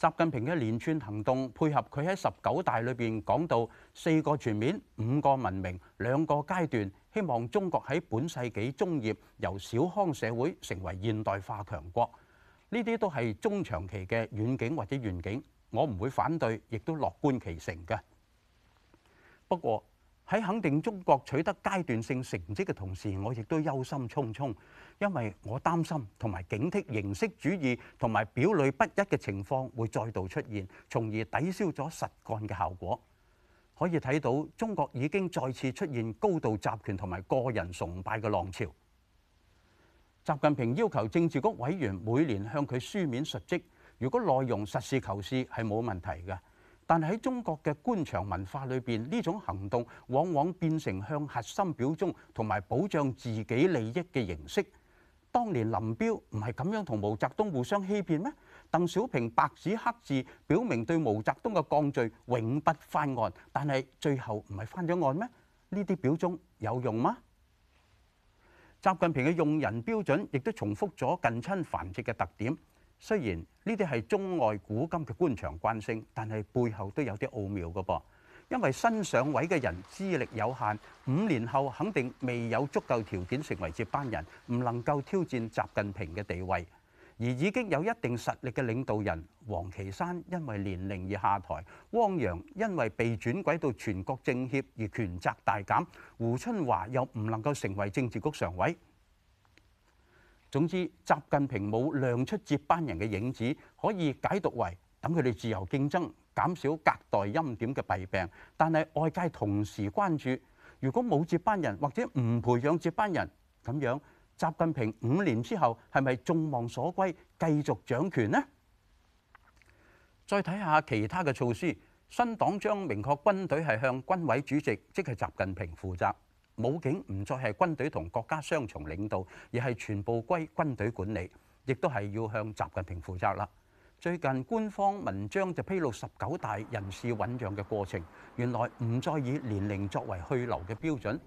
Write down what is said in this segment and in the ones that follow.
習近平嘅一連串行動，配合佢喺十九大裏邊講到四個全面、五個文明、兩個階段，希望中國喺本世紀中葉由小康社會成為現代化強國，呢啲都係中長期嘅遠景或者願景，我唔會反對，亦都樂觀其成嘅。不過，喺肯定中國取得階段性成績嘅同時，我亦都憂心忡忡，因為我擔心同埋警惕形式主義同埋表裏不一嘅情況會再度出現，從而抵消咗實幹嘅效果。可以睇到中國已經再次出現高度集權同埋個人崇拜嘅浪潮。習近平要求政治局委員每年向佢書面述職，如果內容實事求是，係冇問題嘅。但喺中國嘅官場文化裏邊，呢種行動往往變成向核心表忠同埋保障自己利益嘅形式。當年林彪唔係咁樣同毛澤東互相欺騙咩？鄧小平白紙黑字表明對毛澤東嘅降罪永不翻案，但係最後唔係翻咗案咩？呢啲表忠有用嗎？習近平嘅用人標準亦都重複咗近親繁殖嘅特點。雖然呢啲係中外古今嘅官場慣性，但係背後都有啲奧妙嘅噃。因為新上位嘅人資歷有限，五年後肯定未有足夠條件成為接班人，唔能夠挑戰習近平嘅地位。而已經有一定實力嘅領導人王岐山因為年齡而下台，汪洋因為被轉軌到全國政協而權責大減，胡春華又唔能夠成為政治局常委。總之，習近平冇亮出接班人嘅影子，可以解讀為等佢哋自由競爭，減少隔代欽點嘅弊病。但係外界同時關注，如果冇接班人或者唔培養接班人咁樣，習近平五年之後係咪眾望所歸，繼續掌權呢？再睇下其他嘅措施，新黨章明確軍隊係向軍委主席，即係習近平負責。武警唔再係軍隊同國家雙重領導，而係全部歸軍隊管理，亦都係要向習近平負責啦。最近官方文章就披露十九大人事醞釀嘅過程，原來唔再以年齡作為去留嘅標準，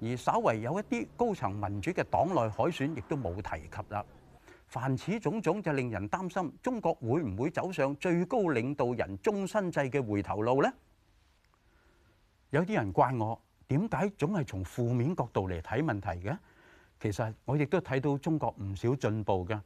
而稍為有一啲高層民主嘅黨內海選，亦都冇提及啦。凡此種種就令人擔心，中國會唔會走上最高領導人終身制嘅回頭路呢？有啲人怪我。點解總係從負面角度嚟睇問題嘅？其實我亦都睇到中國唔少進步㗎，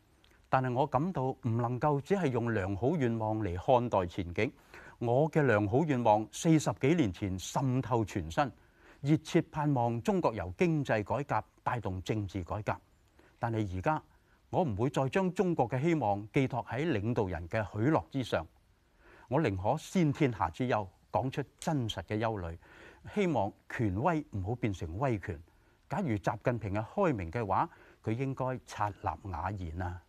但係我感到唔能夠只係用良好願望嚟看待前景。我嘅良好願望四十幾年前滲透全身，熱切盼望中國由經濟改革帶動政治改革。但係而家我唔會再將中國嘅希望寄託喺領導人嘅許諾之上。我寧可先天下之憂，講出真實嘅憂慮。希望權威唔好變成威權。假如習近平係開明嘅話，佢應該察納雅言啦、啊。